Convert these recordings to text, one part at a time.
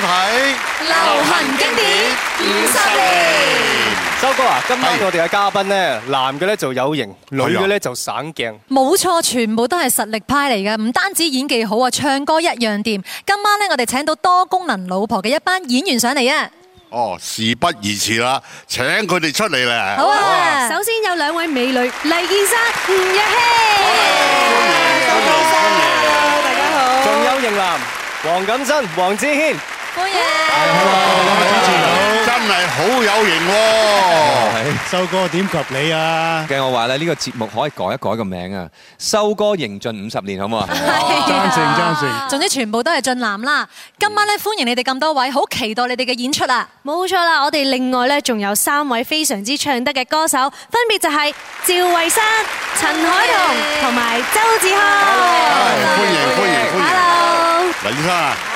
睇流行經典五十年，周哥啊！今晚我哋嘅嘉賓咧，男嘅咧就有型，女嘅咧就省鏡。冇錯，全部都係實力派嚟嘅，唔單止演技好啊，唱歌一樣掂。今晚咧，我哋請到多功能老婆嘅一班演員上嚟啊！哦，事不宜遲啦，請佢哋出嚟啦。好啊，首先有兩位美女黎燕珊、吳若希，歡迎，歡迎，大家好。仲有型男黃錦燊、王梓軒。歡迎！哈囉，今日主持好，真係好有型喎！收哥點及你啊？計我話咧，呢個節目可以改一改個名啊！收哥迎進五十年，好唔好啊？係啊！張善，總之全部都係俊男啦！今晚咧，歡迎你哋咁多位，好期待你哋嘅演出啊！冇錯啦，我哋另外咧仲有三位非常之唱得嘅歌手，分別就係趙慧珊、陳凱彤同埋周志康。哈囉，歡迎歡迎歡迎！哈囉，文生。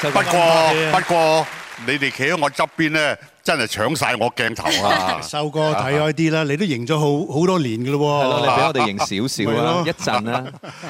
不過不過，你哋企喺我側邊咧，真係搶曬我鏡頭啊！秀哥睇開啲啦，你都影咗好好多年嘅咯喎，係咯，你俾我哋影少少啦，一陣啦。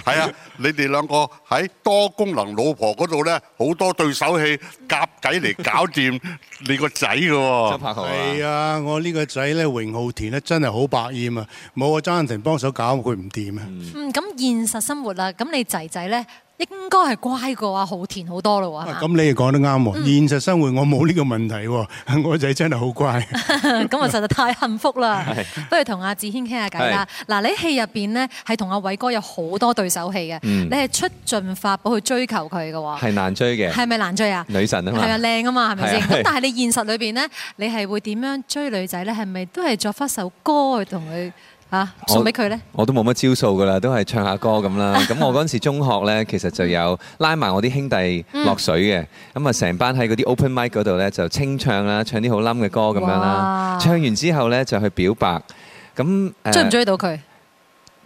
係啊，你哋兩個喺多功能老婆嗰度咧，好多對手戲夾計嚟搞掂你個仔嘅喎。周柏豪啊！係啊，我呢個仔咧，榮浩田咧，真係好百厭啊！冇阿張恩婷幫手搞佢唔掂啊？嗯，咁現實生活啦，咁你仔仔咧？應該係乖嘅啊，好甜好多咯喎！咁、啊、你講得啱喎，嗯、現實生活我冇呢個問題喎，我仔真係好乖。咁啊，實在太幸福啦！ 不如同阿梓軒傾下偈啦。嗱， 你喺戲入邊咧，係同阿偉哥有好多對手戲嘅，嗯、你係出盡法寶去追求佢嘅喎。係難追嘅。係咪難追啊？女神啊嘛，係啊靚啊嘛，係咪先？咁、啊、但係你現實裏邊咧，你係會點樣追女仔咧？係咪都係作翻首歌去同佢？啊、送俾佢咧？我都冇乜招數噶啦，都係唱下歌咁啦。咁 我嗰陣時中學咧，其實就有拉埋我啲兄弟落水嘅，咁啊成班喺嗰啲 open mic 嗰度咧就清唱啦，唱啲好冧嘅歌咁樣啦。哇唱完之後咧就去表白。咁追唔追到佢？啊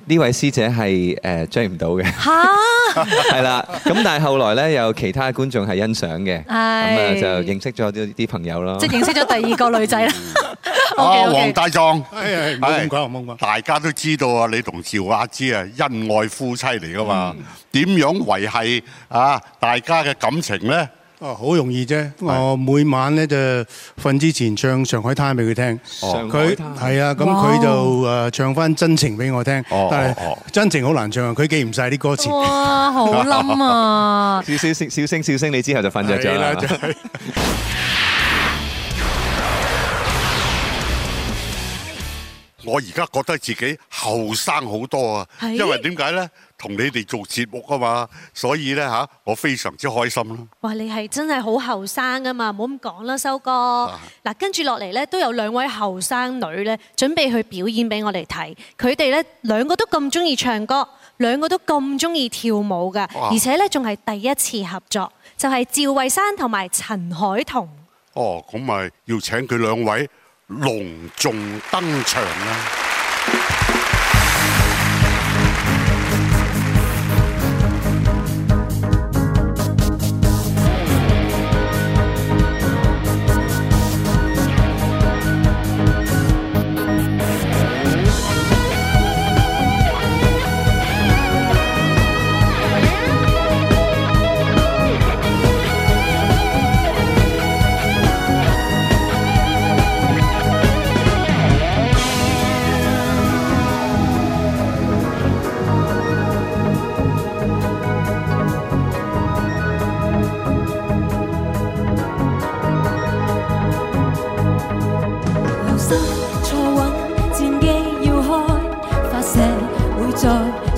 呢位師姐係誒追唔到嘅，係啦。咁但係後來咧，有其他觀眾係欣賞嘅，咁啊就認識咗啲啲朋友咯。即係認識咗第二個女仔啦。啊，王大壯，係係冇講我懵嘛？大家都知道啊，你同趙亞芝啊恩愛夫妻嚟噶嘛？點樣維繫啊大家嘅感情咧？哦，好容易啫！我每晚咧就瞓之前唱《上海灘》俾佢聽，佢係啊，咁佢就誒唱翻《真情》俾我聽。但係，真情好難唱啊！佢記唔晒啲歌詞。哇，好冧啊！小聲，小聲，小聲，你之後就瞓咗啦。我而家覺得自己後生好多啊，因為點解咧？同你哋做節目啊嘛，所以呢，嚇，我非常之開心啦！哇，你係真係好後生啊嘛，唔好咁講啦，修哥。嗱是，跟住落嚟呢，都有兩位後生女呢，準備去表演俾我哋睇。佢哋呢，兩個都咁中意唱歌，兩個都咁中意跳舞嘅，啊、而且呢，仲係第一次合作，就係、是、趙慧珊同埋陳凱彤。哦，咁咪要請佢兩位隆重登場啦！.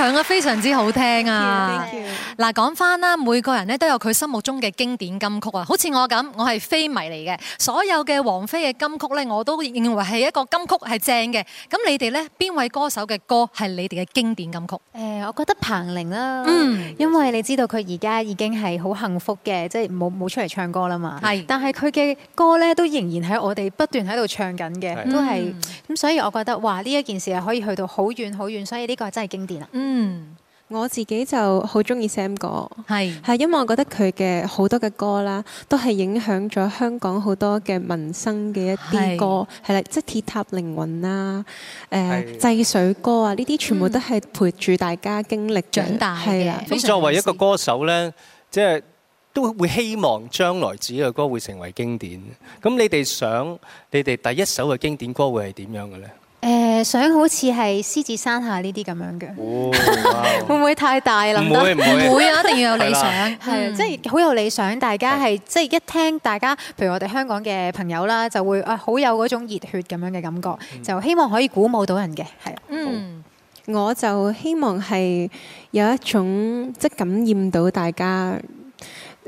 唱得非常之好聽啊！嗱，講返啦，每個人咧都有佢心目中嘅經典金曲啊，好似我咁，我係菲迷嚟嘅，所有嘅王菲嘅金曲咧，我都認為係一個金曲係正嘅。咁你哋咧邊位歌手嘅歌係你哋嘅經典金曲？誒、呃，我覺得彭羚啦，嗯、因為你知道佢而家已經係好幸福嘅，即係冇冇出嚟唱歌啦嘛。係是，但係佢嘅歌咧都仍然喺我哋不斷喺度唱緊嘅，都係咁，所以我覺得哇，呢一件事係可以去到好遠好遠，所以呢個真係經典啊！嗯，我自己就好中意 Sam 哥，係係是，因為我覺得佢嘅好多嘅歌啦，都係影響咗香港好多嘅民生嘅一啲歌，係啦，即係鐵塔凌雲啦，誒，制水歌啊，呢啲全部都係陪住大家經歷長大嘅。咁的作為一個歌手呢，即係都會希望將來自己嘅歌會成為經典。咁你哋想，你哋第一首嘅經典歌會係點樣嘅呢？想好似係獅子山下呢啲咁樣嘅、哦，哦、 會唔會太大啦？唔會唔會啊！一定要有理想對了、嗯，係即係好有理想。大家係即係一聽，大家譬如我哋香港嘅朋友啦，就會啊好有嗰種熱血咁樣嘅感覺，就希望可以鼓舞到人嘅，係。嗯，我就希望係有一種即感染到大家。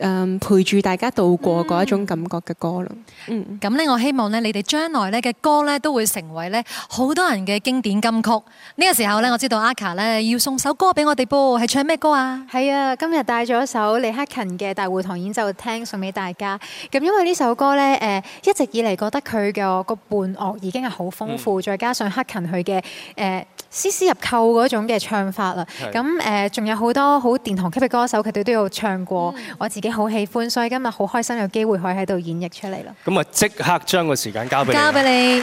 誒陪住大家度過嗰一種感覺嘅歌咯、嗯，咁咧、嗯、我希望咧你哋將來咧嘅歌咧都會成為咧好多人嘅經典金曲。呢、呢個時候咧，我知道阿卡咧要送首歌俾我哋噃，係唱咩歌啊？係啊，今日帶咗一首李克勤嘅《大會堂演奏廳》送俾大家。咁因為呢首歌咧，誒一直以嚟覺得佢嘅個伴樂已經係好豐富，嗯、再加上克勤佢嘅誒。呃絲絲入扣嗰種嘅唱法啦，咁誒仲有好多好殿堂級嘅歌手，佢哋都有唱過，嗯、我自己好喜歡，所以今日好開心有機會可以喺度演繹出嚟啦。咁啊，即刻將個時間交俾交俾你。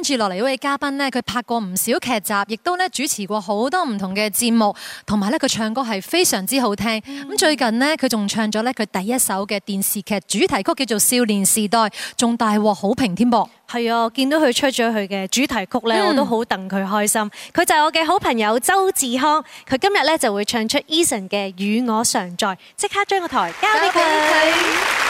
跟住落嚟，呢位嘉賓呢，佢拍過唔少劇集，亦都咧主持過好多唔同嘅節目，同埋咧佢唱歌係非常之好聽。咁、嗯、最近呢，佢仲唱咗咧佢第一首嘅電視劇主題曲，叫做《少年時代》，仲大獲好評添噃。係啊，見到佢出咗佢嘅主題曲咧，嗯、我都好戥佢開心。佢就係我嘅好朋友周志康，佢今日咧就會唱出 Eason 嘅《與我常在》，即刻將個台交俾佢。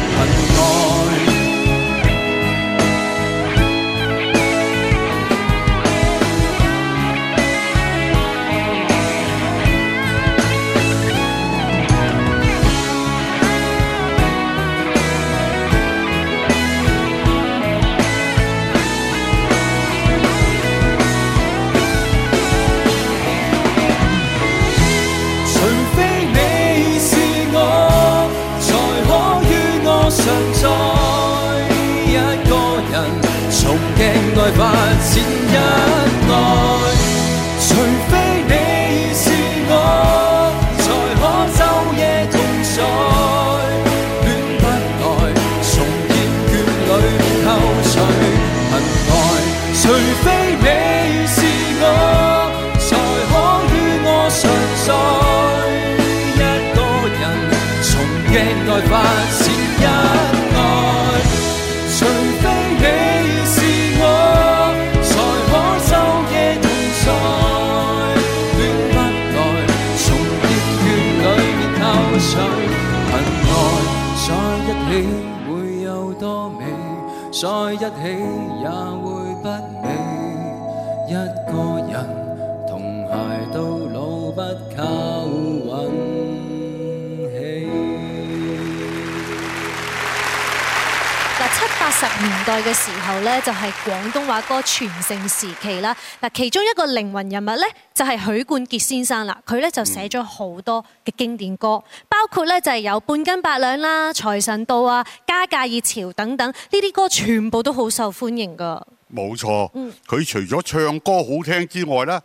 八十年代嘅時候咧，就係、是、廣東話歌全盛時期啦。嗱，其中一個靈魂人物咧，就係許冠傑先生啦。佢咧就寫咗好多嘅經典歌，嗯、包括咧就係有《半斤八兩》啦、《財神到》啊、《加價熱潮》等等，呢啲歌全部都好受歡迎噶。冇錯，嗯，佢除咗唱歌好聽之外咧。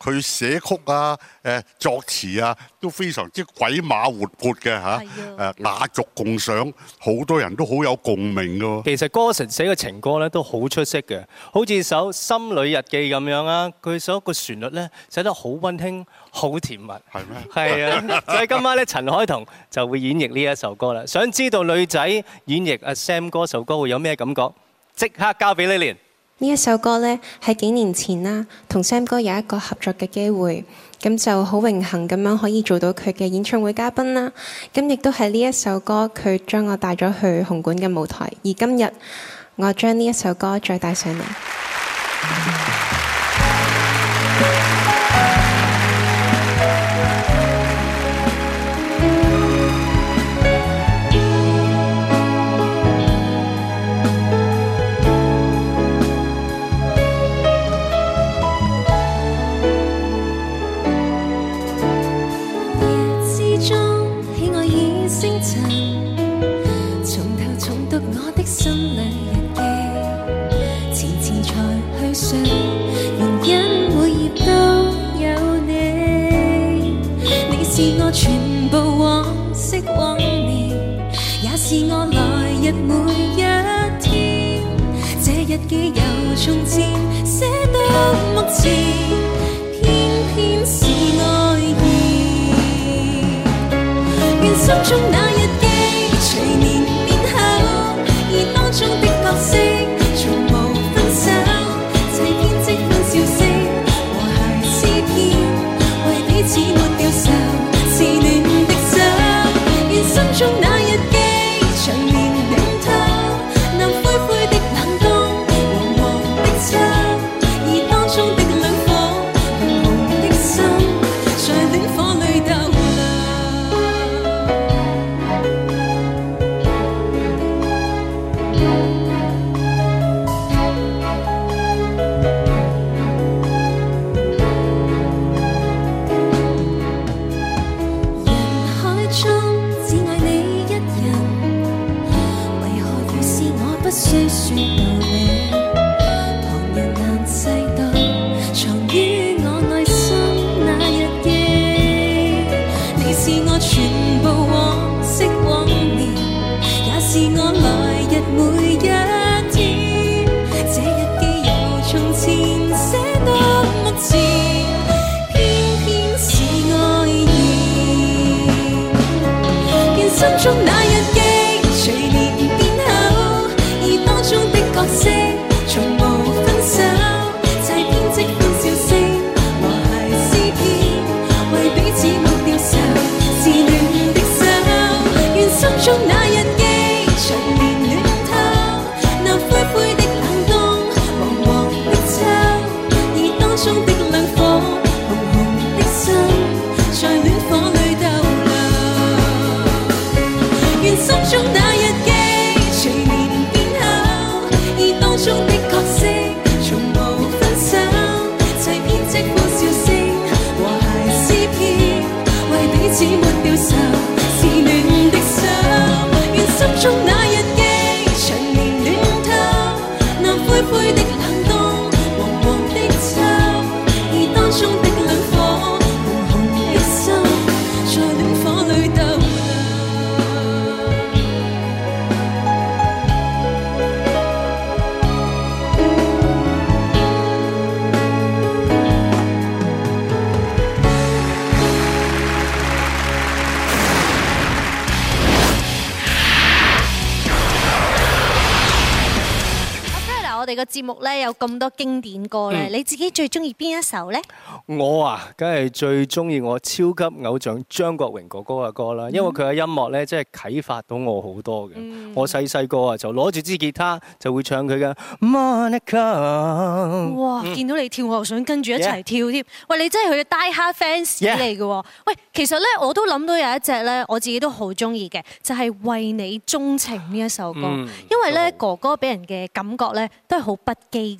佢寫曲啊、誒作詞啊都非常之鬼馬活潑嘅嚇，誒雅的俗共賞，好多人都好有共鳴㗎喎。其實歌神寫嘅情歌咧都好出色嘅，好似首《心裏日記》咁樣啊。佢首個旋律咧寫得好温馨、好甜蜜。係咩嗎？係啊！就喺、是、今晚咧，陳凱彤就會演繹呢一首歌啦。想知道女仔演繹阿 Sam 哥首歌，歌會有咩感覺？即刻交俾 Lily。呢一首歌呢，喺幾年前啦，同 Sam 哥有一個合作嘅機會，咁就好榮幸咁樣可以做到佢嘅演唱會嘉賓啦。咁亦都係呢一首歌，佢將我帶咗去紅館嘅舞台，而今日我將呢一首歌再帶上嚟。 有咁多經典歌咧，嗯、你自己最中意邊一首呢？我啊，梗係最中意我超級偶像張國榮哥哥嘅歌啦，嗯、因為佢嘅音樂咧，真係啟發到我好多嘅。嗯、我細細個啊，就攞住支吉他就會唱佢嘅《Monica》。哇！嗯、見到你跳，我又想跟住一齊跳添。嗯、喂，你真係佢嘅 Die Hard fans 嚟嘅。嗯、喂，其實咧，我都諗到有一隻咧，我自己都好中意嘅，就係《為你鍾情》呢一首歌，嗯、因為咧，哥哥俾人嘅感覺咧，都係好不羈。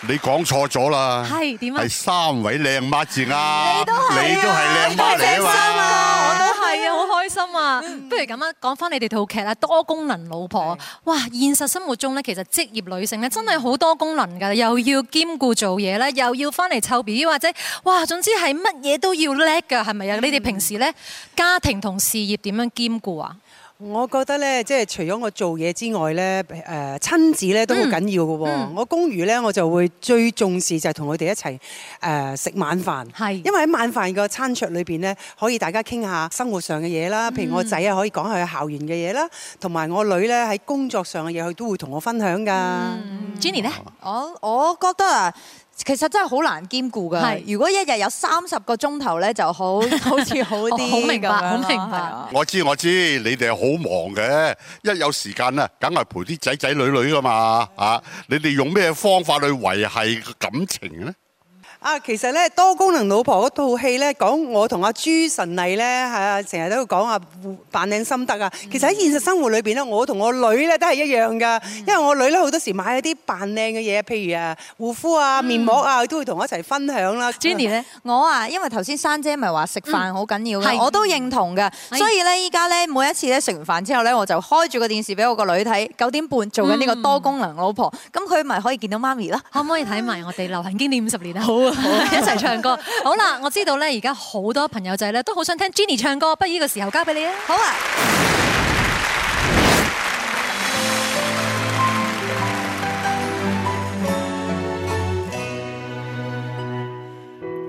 你講錯咗啦，係點樣啊？係三位靚媽字啊，你都係靚媽嚟啊嘛都係啊，都啊開心啊，我都係啊，好開心啊！不如咁啊，講翻你哋套劇啦，《多功能老婆》是哇，現實生活中咧，其實職業女性咧真係好多功能㗎，又要兼顧做嘢咧，又要翻嚟湊 BB，或者哇，總之係乜嘢都要叻㗎，係咪啊？嗯、你哋平時咧家庭同事業點樣兼顧啊？我覺得咧，即係除咗我做嘢之外咧，誒、呃、親子咧都好緊要嘅喎。嗯嗯、我公餘咧我就會最重視就係同佢哋一齊誒食晚飯，是因為喺晚飯個餐桌裏邊咧，可以大家傾下生活上嘅嘢啦。譬如我仔啊，可以講下佢校園嘅嘢啦，同埋、嗯、我女咧喺工作上嘅嘢，佢都會同我分享噶。Jenny 咧、嗯，呢我我覺得啊。其實真係好難兼顧㗎。是的 如果一日有三十個鐘頭呢，就好好似好啲好 明白，好明白啊、我知我知，你哋好忙嘅。一有時間咧，梗係陪啲仔仔女女㗎嘛啊。是的 你哋用咩方法去維繫感情呢？啊，其實咧多功能老婆套戲咧，講我同阿、啊、朱晨麗咧，啊，成日都會講啊扮靚心得啊。其實喺現實生活裏面，咧，我同我女咧都係一樣噶。因為我女咧好多時買一啲扮靚嘅嘢，譬如啊護膚啊、面膜啊，都會同我一齊分享啦。Jenny 我啊，因為頭先珊姐咪話食飯好緊要、嗯、我都認同嘅。所以咧，依家咧每一次咧食完飯之後咧，我就開住個電視俾我個女睇，九點半做緊呢個多功能老婆，咁佢咪可以見到媽咪咯。可唔可以睇埋我哋流行經典五十年啊？好啊。好我一齊唱歌，好啦！我知道咧，而家好多朋友仔咧都好想聽 Jennie 唱歌，不如呢個時候交俾你啊！好啊。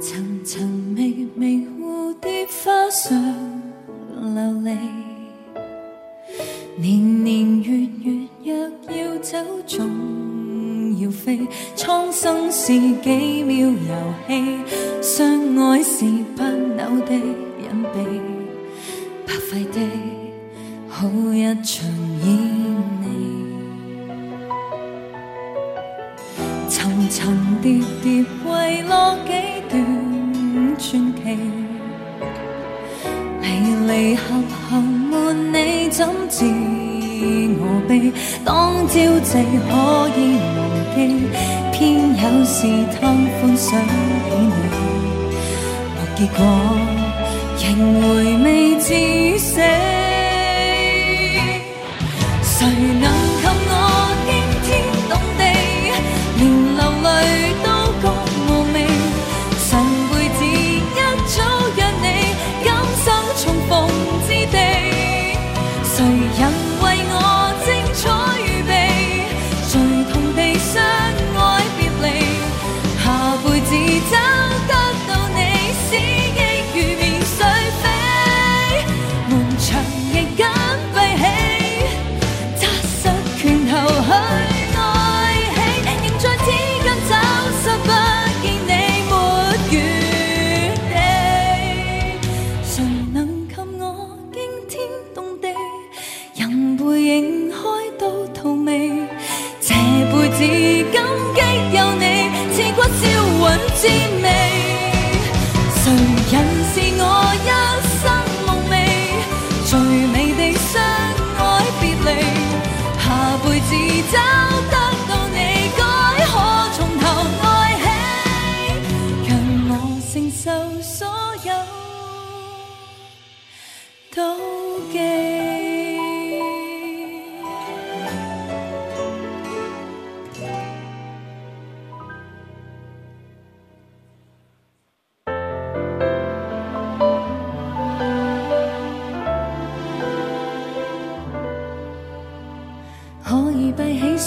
層層微微蝴蝶花上流離，年年月月若要走總要飛，蒼生是幾？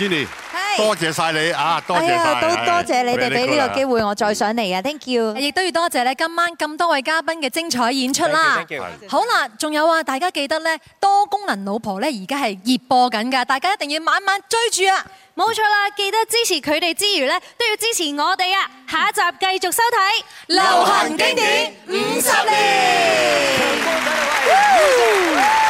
Gin ny, 是多謝晒你啊！多謝你、哎、多，多謝你哋俾呢個機會我再上嚟啊的！Thank you，亦都要多謝咧今晚咁多位嘉賓嘅精彩演出啦！Thank you, thank you. 好啦，仲有啊，大家記得咧多功能老婆咧而家係熱播緊㗎，大家一定要晚晚追住啊！冇錯啦，記得支持佢哋之餘咧都要支持我哋啊！下一集繼續收睇流行經典五十年。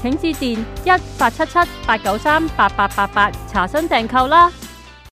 請致電一八七七八九三八八八八查詢訂購啦。